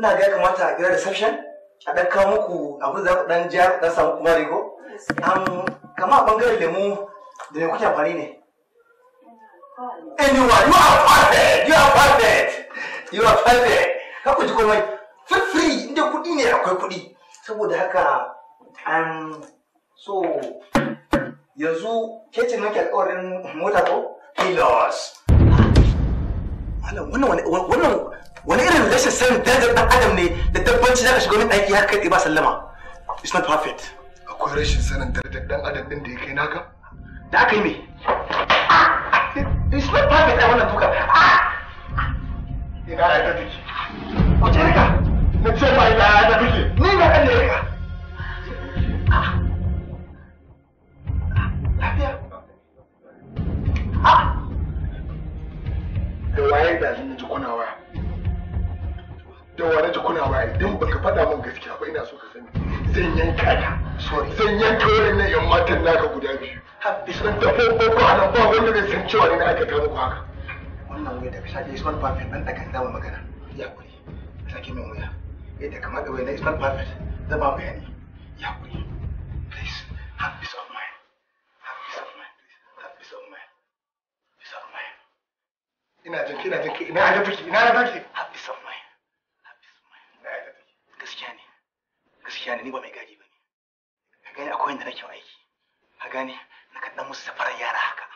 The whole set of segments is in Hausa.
ina ga kamata a kira reception a ɗan kawo muku abin da za ku ɗan ja ɗan samu kuma rigo kama a ɓangaren lemu da mai kuke amfani ne anyone you are perfect you are perfect you are perfect ka ku ji komai feel free inda kuɗi ne akwai kuɗi saboda haka an so yanzu kecin ce nake alƙawarin mota ko kilos wannan wani wannan wani irin rashin sanin darajar dan adam ne da tabbaci za ka shiga wani ɗaki har kai ba sallama it's not perfect akwai rashin sanin darajar dan adam din da ya kai naka da aka yi me it's not perfect a wannan duka ina ya ta take wace rika na ce ma ina ya ta take ni na kan ne rika lafiya da waye da zan ji kunawa ji kuna waya idan baka faɗa min gaskiya ba ina so ka sani zan yanka ka sorry zan yanka wannan yan matan naka guda biyu sun ko ana ba wanda bai san cewa ni na aka kawo haka wannan wai daga isman perfect nan da kan magana ya kuri sake min wuya yadda kamar da wai na isman perfect zama bayani ya kuri please have peace of mind ina jin kina jin ina ina jinki ina ina jinki have peace of mind gaskiya ne ni ba mai gadi ba ne ka gani akwai inda nake aiki ka gani na kan dan musu safarar yara haka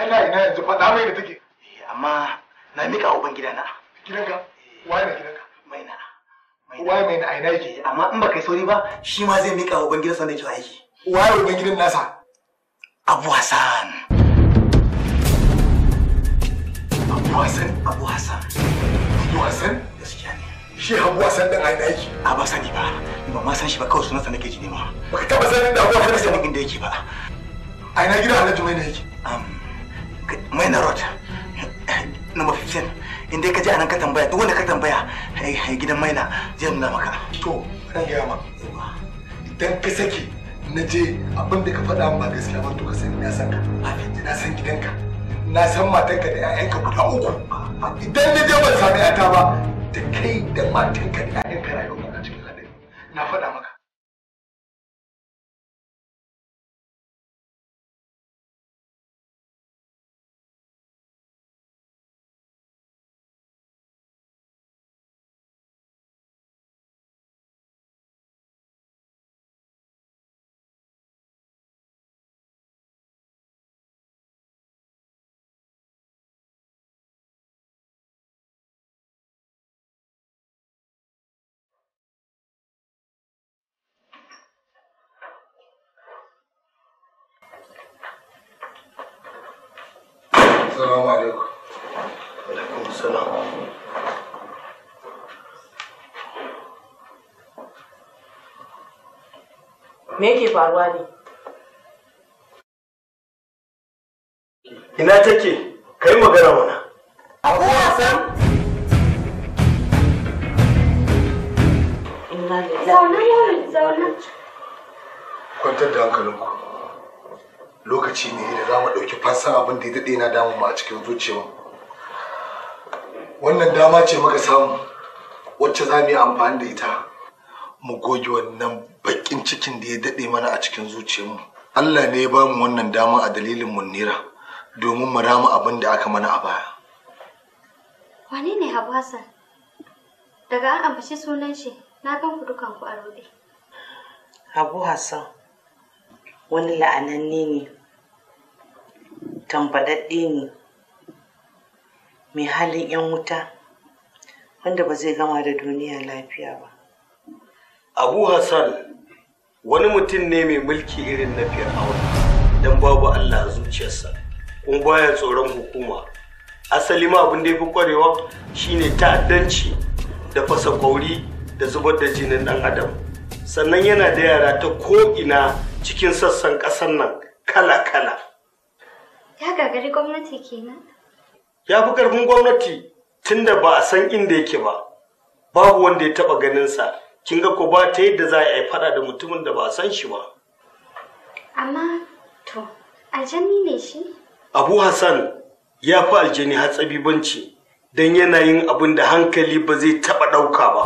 tana ina yanzu faɗa mai da take eh, amma na mika ban gidana gidanka waye na gidanka mai na waye mai na a ina yake eh, amma in ba kai sauri ba shi ma zai mika uban gidansa da kiwa yake waye uban gidan nasa abu hassan abu hassan abu hassan abu hassan gaskiya ne shi abu hassan din a ina yake a ba sani ba ba ma san shi ba kawai sunansa nake ji ne ma baka taba sanin da abu hassan sanin inda yake ba a ina gidan alhaji mai na yake mai na road number 15 inda ka je anan ka tambaya duk wanda ka tambaya eh, eh, gidan maina zai nuna maka to ran gaya ma idan ka sake na je abin da ka faɗa ba gaskiya ba to ka sani na san ka na san gidanka na san matanka da 'ya'yanka guda uku idan na je ban sami 'yata ba da kai da matanka da 'ya'yanka rayuwa na cikin haɗari na faɗa maka السلام عليكم وعليكم السلام me yake faruwa ne ina take kai magana mana abu wasan zaune zaune kwantar da hankalinku lokaci ne da za mu ɗauki fansan abin da ya daɗe na damu a cikin zuciya wannan dama ce muka samu wacce za mu yi amfani da ita mu goge wannan baƙin cikin da ya daɗe mana a cikin zuciyarmu Allah ne ya ba mu wannan dama a dalilin nira domin mu rama abin da aka mana a baya wane ne Habu Hassan daga an ambaci sunan shi na ga ku dukan ku a abu Hassan wani la'ananne ne tambaɗaɗɗe ne mai halin 'yan wuta wanda ba zai gama da duniya lafiya ba abu hassan wani mutum ne mai mulki irin na fir'auna don babu allah zuciyarsa kuma baya tsoron hukuma asali ma abin da ya fi kwarewa shine ta'addanci da fasa kwauri da zubar da jinin dan adam sannan yana da yara ta ko'ina cikin sassan ƙasar nan kala-kala. Ya gagari gwamnati kenan? Ya fi ƙarfin gwamnati tunda ba a san inda yake ba, babu wanda ya taɓa ganinsa, kin ga ko ba ta yadda za a yi faɗa da mutumin da ba a san shi ba. Amma to, aljani ne shi? Abu Hassan ya fi aljani hatsabi banci don yana yin abin da hankali ba zai taɓa ɗauka ba.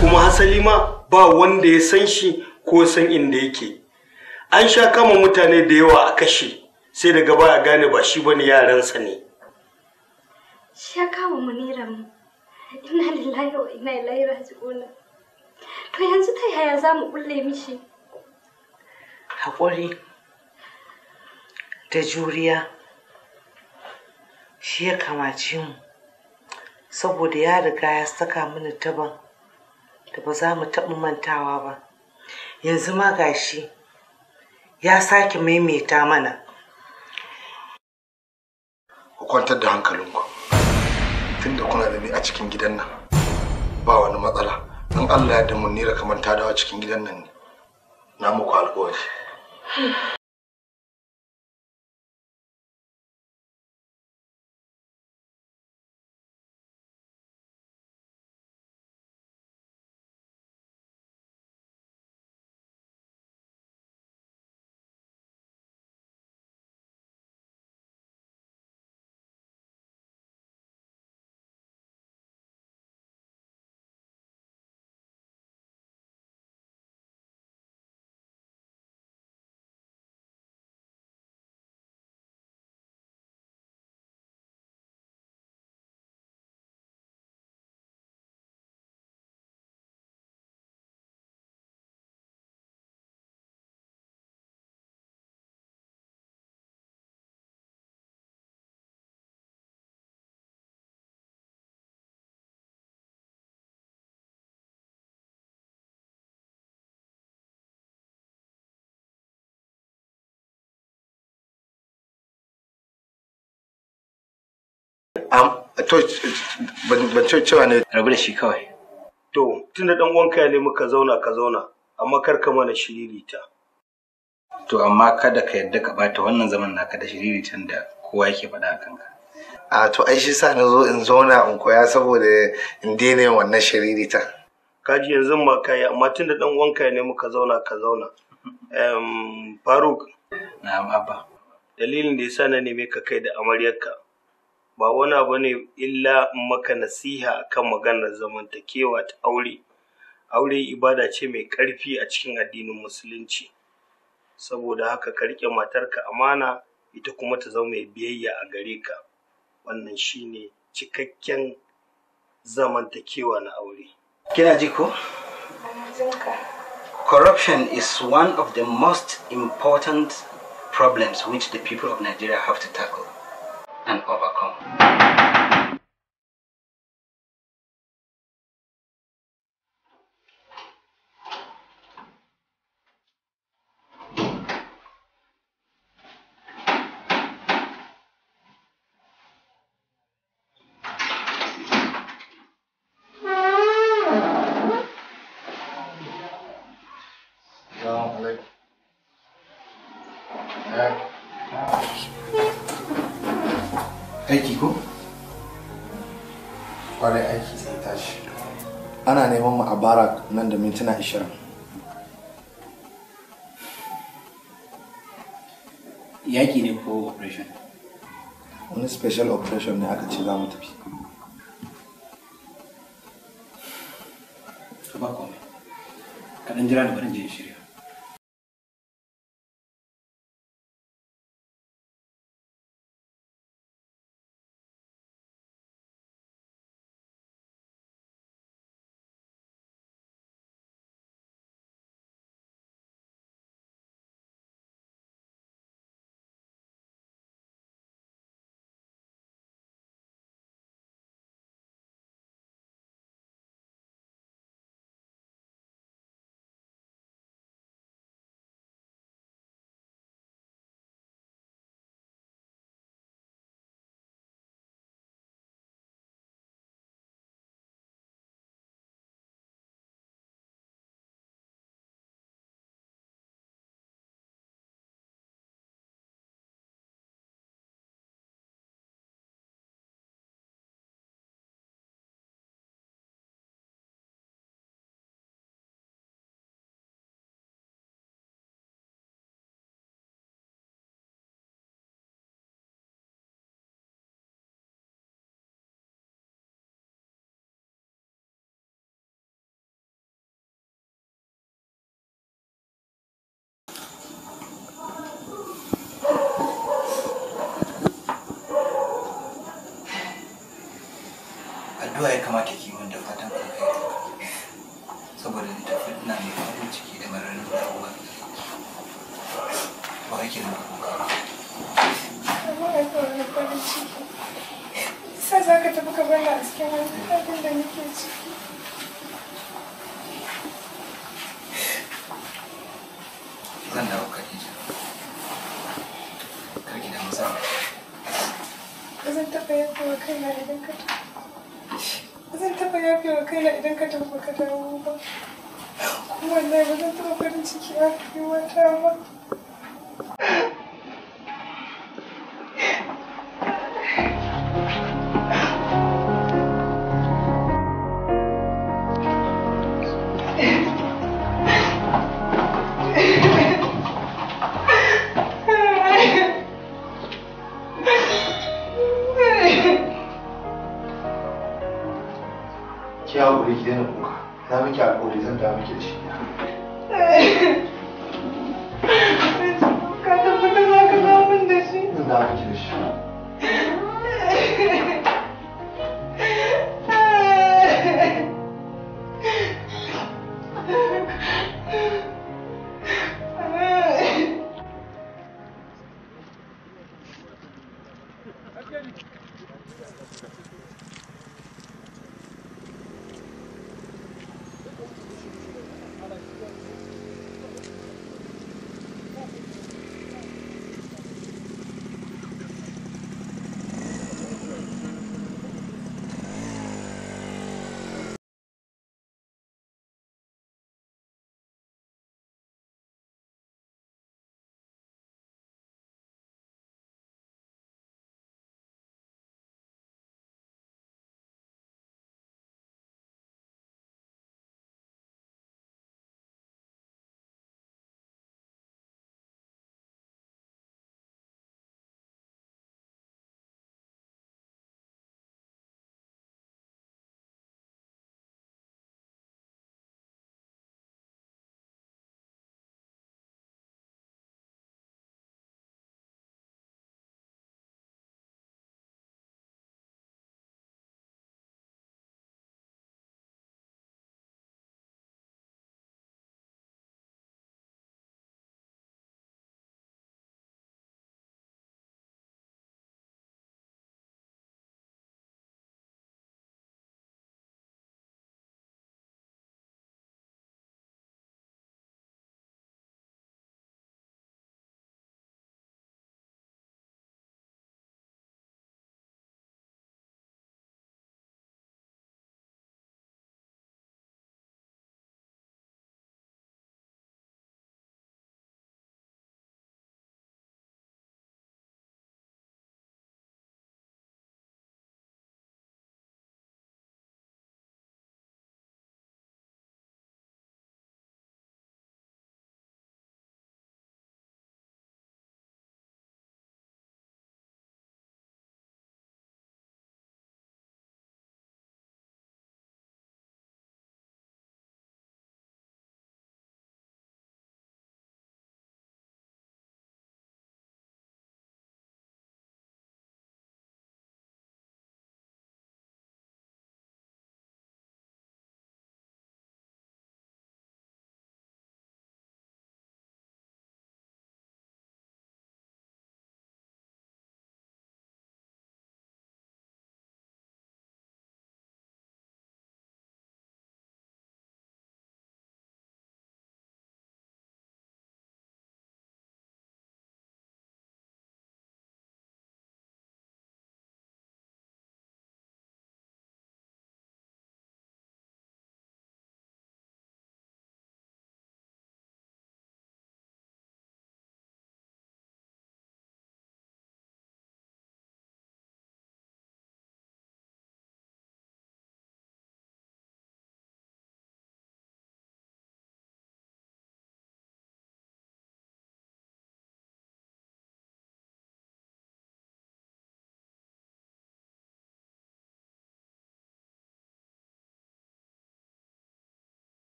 Kuma hasali ma ba wanda ya san shi ko san inda yake an sha kama mutane da yawa a kashe sai daga baya gane ba shi bane yaransa ne ya kama munira mu ina lillahi wa ina ilaihi raji'un to yanzu ta yaya za mu kulle mishi haƙuri da juriya shi ya kamace mu saboda ya riga ya saka mana taban da ba za mu taɓa mantawa ba yanzu ma gashi ya sake maimaita mana ku kwantar da hankalinku tunda kuna da ni a cikin gidan nan ba wani matsala in allah ya da ni nira kamar ta dawo cikin gidan nan ne na muku alƙawari. to ban ce cewa ne rabu da shi kawai to tun da dan wanka ne muka zauna ka zauna amma kar ka mana shiririta to amma kada ka yadda ka bata wannan zaman naka da shiriritan da kowa yake faɗa a kanka a to ai shi sa na zo in zauna in koya saboda in daina wannan shiririta kaji yanzu ma ka yi, amma tun da dan wanka ne muka zauna ka zauna faruk Na abba dalilin da ya sa na neme ka kai da amaryarka ba wani abu ne illa maka nasiha kan maganar zamantakewa ta aure aure ibada ce mai ƙarfi a cikin addinin musulunci saboda haka ka riƙe matarka amana ita kuma ta zama mai biyayya a gare ka wannan shine cikakken zamantakewa na aure kina ji ko corruption is one of the most important problems which the people of nigeria have to tackle and overcome. barak nan da mintuna 20 yaki ne ko operation wani special operation ne aka ce za mu tafi ka ba komai kaɗan jira da barin je shirya Ouais, comment accueillir yok. Demek ki alkolizm, demek ki ilişki. Kadın bu kadar kazandın desin. Demek ki ilişki.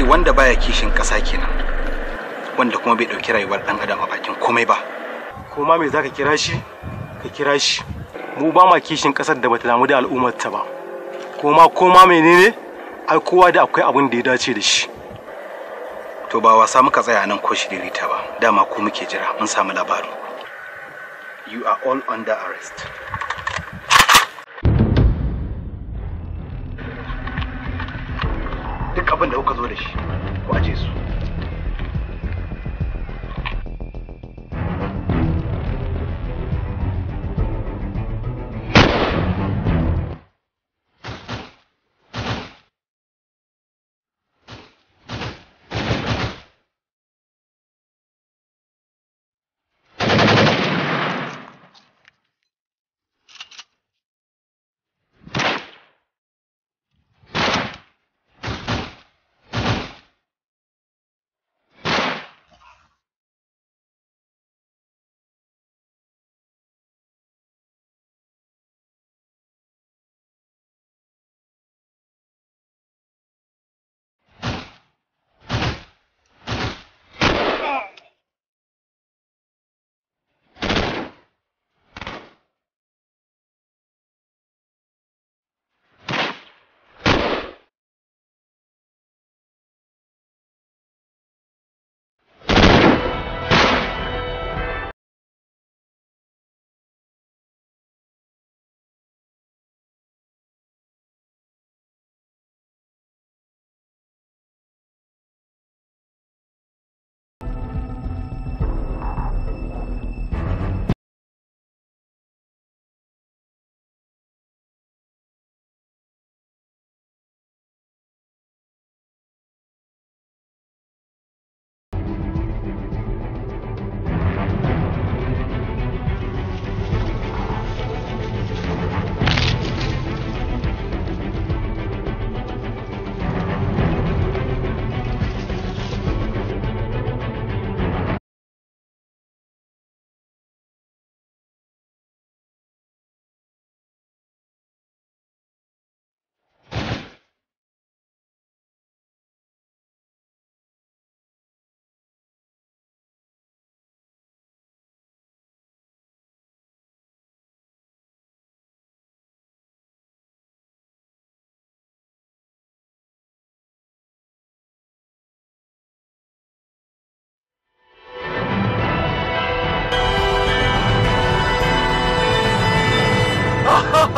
ce wanda baya kishin ƙasa kenan wanda kuma bai ɗauki rayuwar ɗan adam a bakin komai ba koma me zaka kira shi ka kira shi mu ba ma kishin ƙasar da bata damu da al'ummarta ba koma koma menene ai kowa da akwai abin da ya dace da shi to ba wasa muka tsaya nan ko da rita ba dama ko muke jira mun samu labarin you are all under arrest abin da kuka zo da shi ku aje su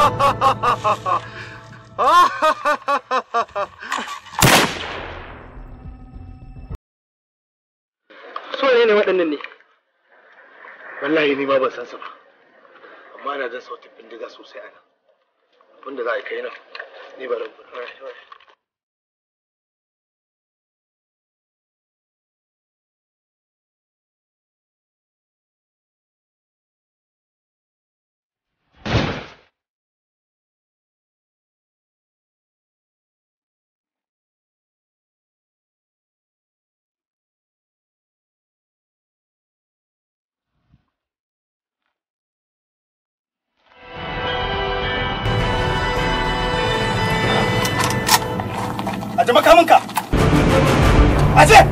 su ne waɗannan ne wallahi ni ma ban san su ba amma ana jan sautin bindiga sosai a nan abinda za a kai nan ni ba rabu da makaminka. Aje!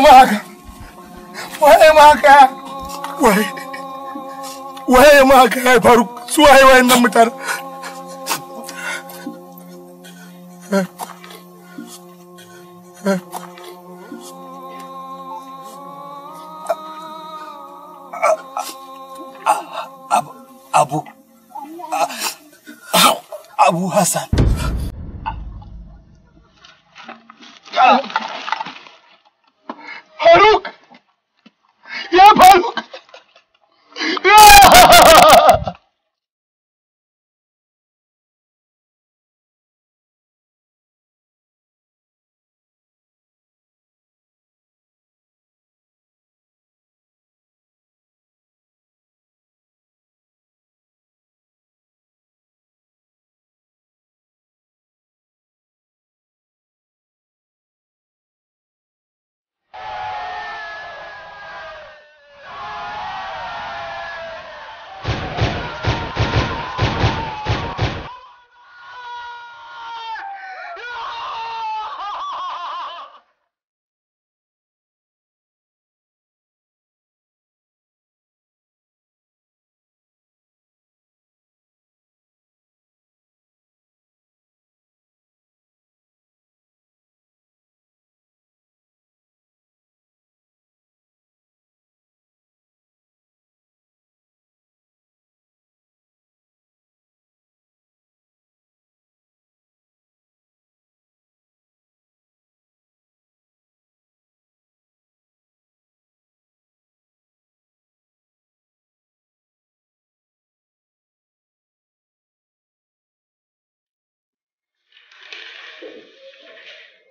ma ma haka waye ya faru su waye nan mutane abu abu hassan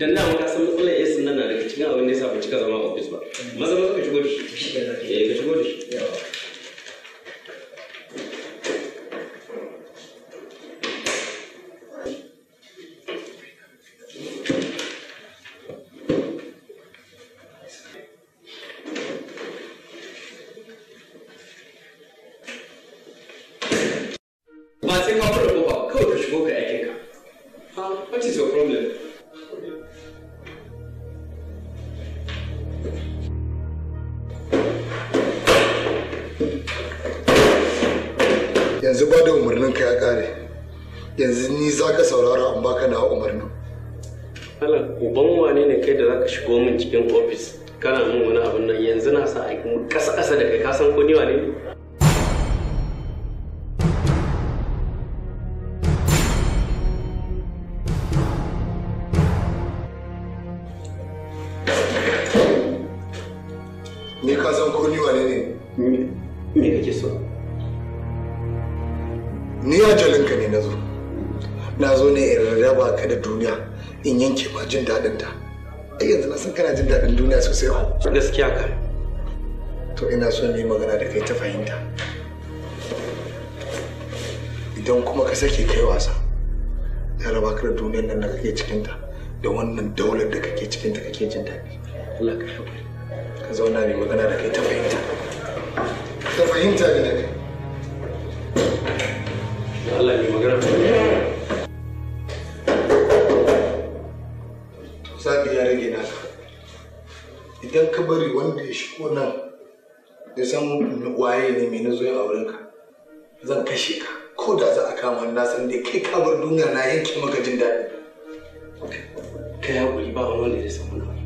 dan na ka san matsalar yasin nan na daga cikin abin da ya sa ba cika zama a ofis ba maza maza ka shigo da shi ka eh, shigo da shi ni ajalinka ne na zo na zo ne in raba ka da duniya in yanke ba jin daɗin ta ai yanzu na san kana jin daɗin duniya sosai ko gaskiya ka to ina so ne magana da kai ta fahimta idan kuma ka sake kai wasa na raba ka da duniyar nan da kake cikinta da wannan daular da kake cikinta kake jin daɗi Allah ka shukuri ka zauna ne magana da kai ta fahimta ta fahimta ne da kai Allah mai magana sabi ya rage naka idan ka bari wanda ya shigo nan ya san waye ne mai nazo ya auren ka zan kashe ka ko da za a kama na san dai kai ka bar duniya na yanke maka jin daɗi kai hakuri ba wani wanda ya samu nawa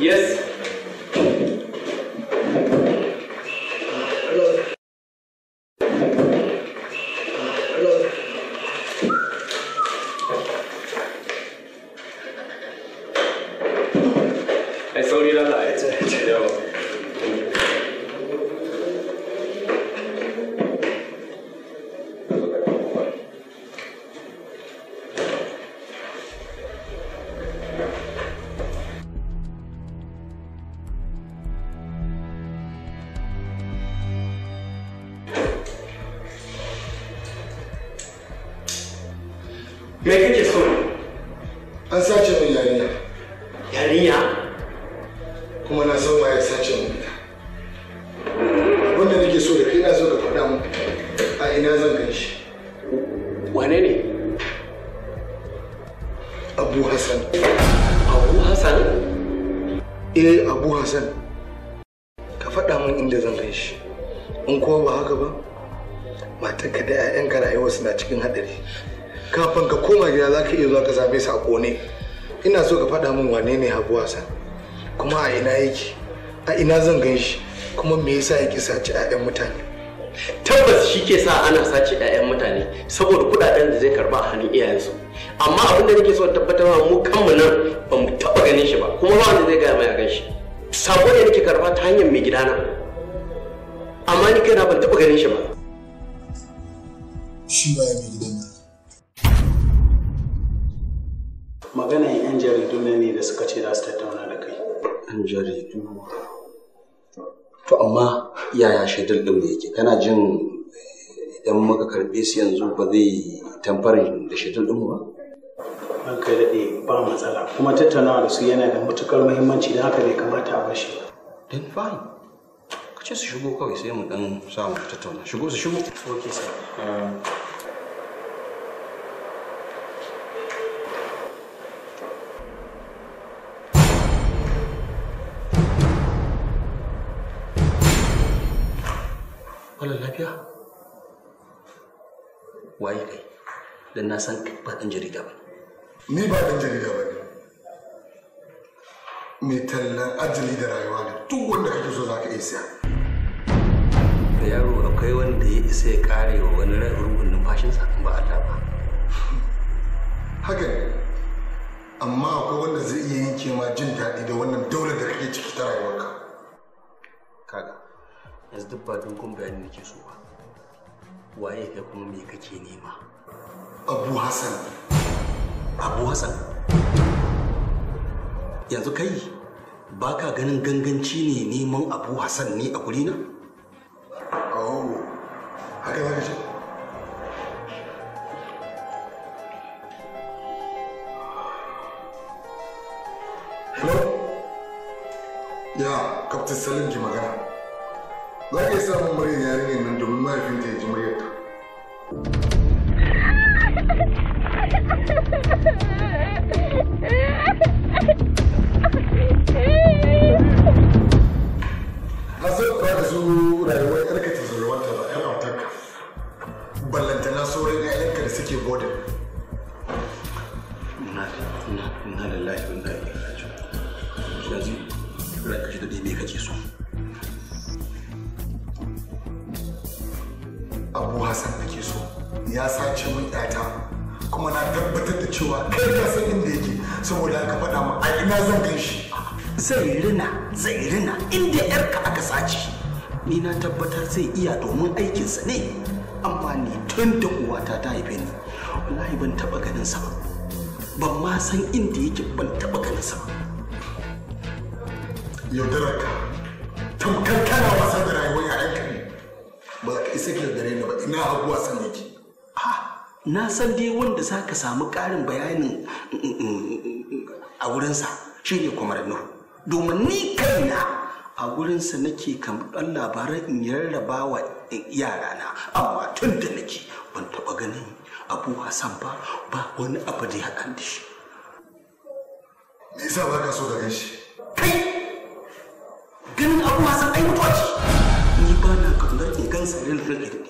Yes. kuma a ina yake a ina zan gan shi kuma me yasa yake sace ƴaƴan mutane tabbas shi ke sa ana sace ƴaƴan mutane saboda kudaden da zai karba a hannun iyayensu amma abin da nake so tabbatarwa mu kanmu nan ba mu taba ganin shi ba kuma ba wanda zai gaya mai a gan shi sabo ne nake karba ta hanyar mai gidana amma ni kaina ban taba ganin shi ba shi ba ya mai gidana magana 'yan jaridu ne da suka ce za su tattauna in jaridu to amma yaya shaidar ɗin yake kana jin eh, idan muka karɓe su yanzu ba zai tamfarin da shaidar ɗin ba an kai daɗe ba matsala kuma tattaunawa da su yana da matukar muhimmanci da haka bai kamata a bashi then fine ka ce su shigo kawai sai mu ɗan samu tattauna shigo su shigo ok sir um, wala lafiya? Waye kai? Dan na san ba ɗan jarida ba. Ni ba ɗan jarida ba ne. Mai tallan ajali da rayuwa ne duk wanda kake so za ka iya siya. Da yaro akwai wanda ya isa ya kare wa wani rubun numfashinsa in ba Allah ba. Haka ne. Amma akwai wanda zai iya yin kema jin daɗi da wannan daular da kake ciki ta rayuwarka. yanzu duk ba dogon bayani ke so ba waye kai kuma me kake nema abu hassan abu hassan yanzu kai ba ka ganin ganganci ne neman abu hassan ne a gurina? oh haka za ka ce hello ya kaftin salim ki magana Lagi sama iya samun muryar yarinyar nan domin mahaifinta ya ji muryarta. Hassan ba da su rayuwar yarka ta zurwanta ba ‘yan autarka. Ballantana sauran ‘ya'yanka da suke nada, nada lallahi wanda ya kaji. Jadi, ranka shi da ɗaya kake so. abu hassan da ke so ya sace min yata kuma na tabbatar da cewa kai ka san inda yake saboda aka faɗa mu a ina zan gan shi zai rina zai rina inda yarka aka sace ni na tabbatar zai iya domin aikinsa ne amma ni tun da uwata ta haife ni wallahi ban taɓa ganin sa ba ban ma san inda yake ban taɓa ganin sa ba yaudararka tamkar kana wasa da rayuwar yayanka ne ba ka isa yaudare ina abuwa san yake na san dai wanda za ka samu ƙarin bayanin a wurinsa shi ne kwamar nuhu domin ni kaina a wurinsa nake kamar labaran in yarraba wa yarana amma tun da nake ban taɓa ganin abu hassan ba ba wani abu da ya kan da shi me yasa ba ka so da gan shi kai ganin abu hassan ai mutuwa ce ni ba na kaunar in gansa rin rin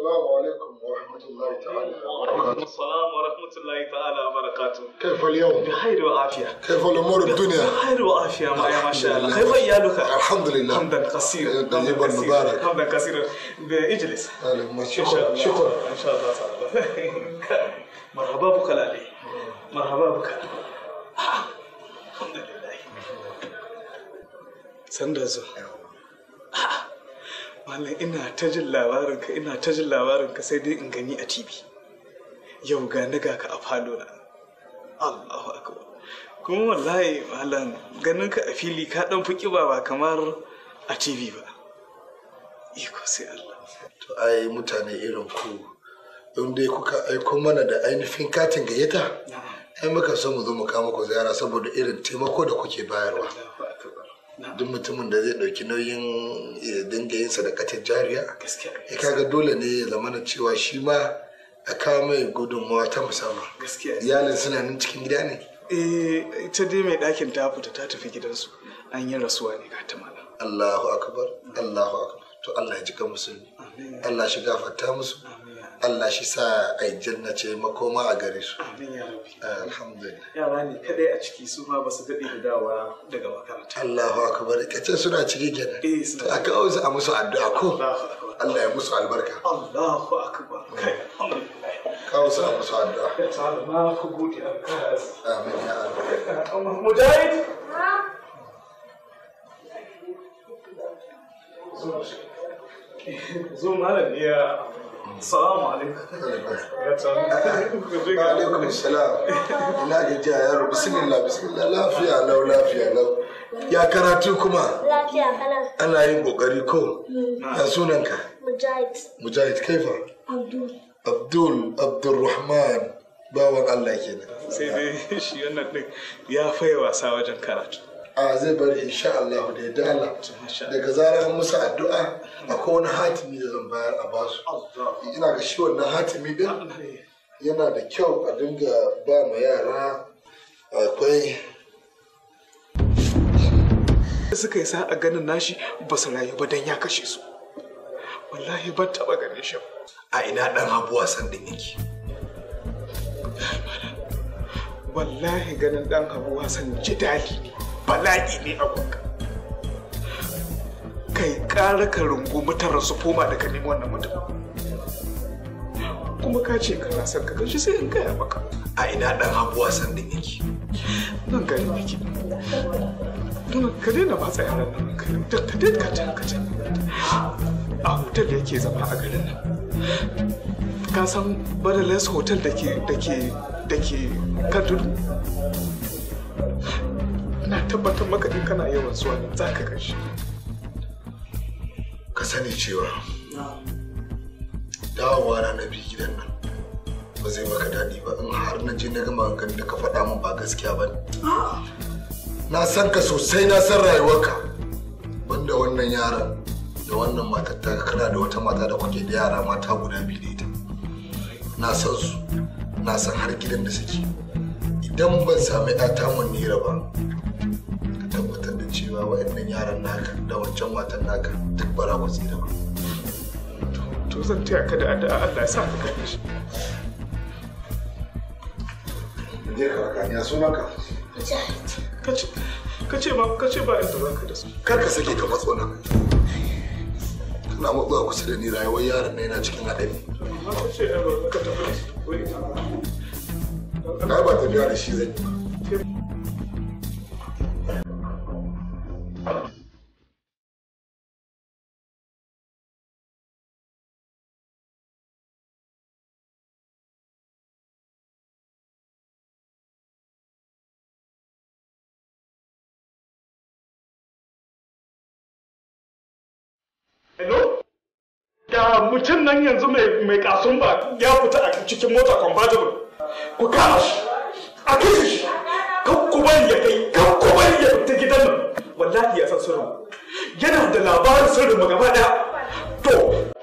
السلام عليكم ورحمة الله تعالى وبركاته السلام ورحمة الله تعالى وبركاته كيف اليوم؟ بخير وعافية كيف الأمور الدنيا؟ بخير وعافية معي ما شاء الله كيف أيالك؟ الحمد لله حمدا كثيرا إيه، طيبا مبارك حمدا كثيرا اجلس شكرا شكرا إن شاء الله تعالى مرحبا بك لالي مرحبا بك آه، الحمد لله سندرزو Malam ina ta jin labarinka ina ta jin labarinka sai dai in gani a TV. Yau ga na ga ka a falo na. Allahu akbar. Kuma wallahi malam ganin ka a fili ka dan fi kiba ba kamar a TV ba. Iko sai Allah. To ai mutane irin ku don dai kuka aiko mana da ainihin katin gayyata ai muka so mu zo mu kama ku ziyara saboda irin taimako da kuke bayarwa. duk mutumin da zai ɗauki nauyin dinga yin sadakatar jariya ya kaga dole ne ya zamana cewa shi ma a kawo mai gudunmawa ta musamman iyalin suna nan cikin gida ne Eh ita dai mai ɗakin ta fita ta tafi gidansu an yi rasuwa ne ga ta malam Allahu akbar Allahu akbar to Allah ya ji musulmi Allah shi gafarta musu Allah shi sa a janna ce makoma a gare su. Amin ya rabi. Eh, alhamdulillah. Yara ne kadai a ciki su ma ba su daɗe da dawa daga makaranta. Allahu akbar. Kacin suna ciki kenan. Eh suna. A kawo su a musu addu'a ko? Allah ya musu albarka. Allahu akbar. Mm. Kawo su a musu addu'a. Salma ku gode alkazi. Amin ya rabi. Mujahid. Zo malam ya Salamu alaikum. Wa alaikum salam. Ina gajiya yaro bismillah bismillah lafiya lau lafiya lau. Ya karatu kuma? Lafiya kalan. Ana yin kokari ko? Hmm. Ya sunanka? Mujahid. Mujahid kaifa? Abdul. Abdul Abdulrahman. Bawan Allah kenan. Sai dai shi wannan din ya faye wasa wajen karatu. A zai bari insha Allah da ya dala. Daga zarar musa addu'a A kowane hatimi da zan bayar a ba su. ina ga shi wannan hatimi din yana da kyau a dinga ba ma yara akwai suka yi sa'a ganin nashi ba su rayu ba don ya kashe su wallahi ban taba ganin shi a ina dan habu wasan din yake wallahi ganin dan habu wasan jidali ne bala'i ne a gunka kai ƙara ka rungu mutarar su koma da ka nemi wannan mutum kuma ka ce kana son ka gaji sai in gaya maka a ina dan abuwa san din yake nan gari yake don ka daina ba tsaye nan ka daina ka ta ka ta ka ta a hotel da yake zama a garin nan ka san badalas hotel da ke da ke da ke kan tudu na tabbatar maka in kana yawan zuwa nan za ka ka sani cewa dawowa na na biyu gidan nan ba zai maka daɗi ba in har na je na gama gan da ka faɗa min ba gaskiya ba ah. na san ka sosai na san rayuwarka banda wannan yaran da wannan matar ta kana da wata mata da kuke da yara mata guda biyu da ita na san su na san har gidan da suke idan ban sami ɗata mun nera ba wa wa'annan yaran naka da wancan watan naka duk bara ku tsira ba to zan taya ka da addu'a Allah ya sa ka kai shi ne ka ka ya suna ka kace kace ba kace ba inda zaka da su kar ka sake ka matso nan kana matsuwa kusa da ni rayuwar yaron na yana cikin haɗari na ba biya da shi zai mutum nan yanzu mai kasun ba ya fita a cikin mota convertible ku kama shi a kashe shi kan ku bari ya kai kan ya fita gidan nan wallahi ya san sirrin yana da labarin sirrin mu gaba daya to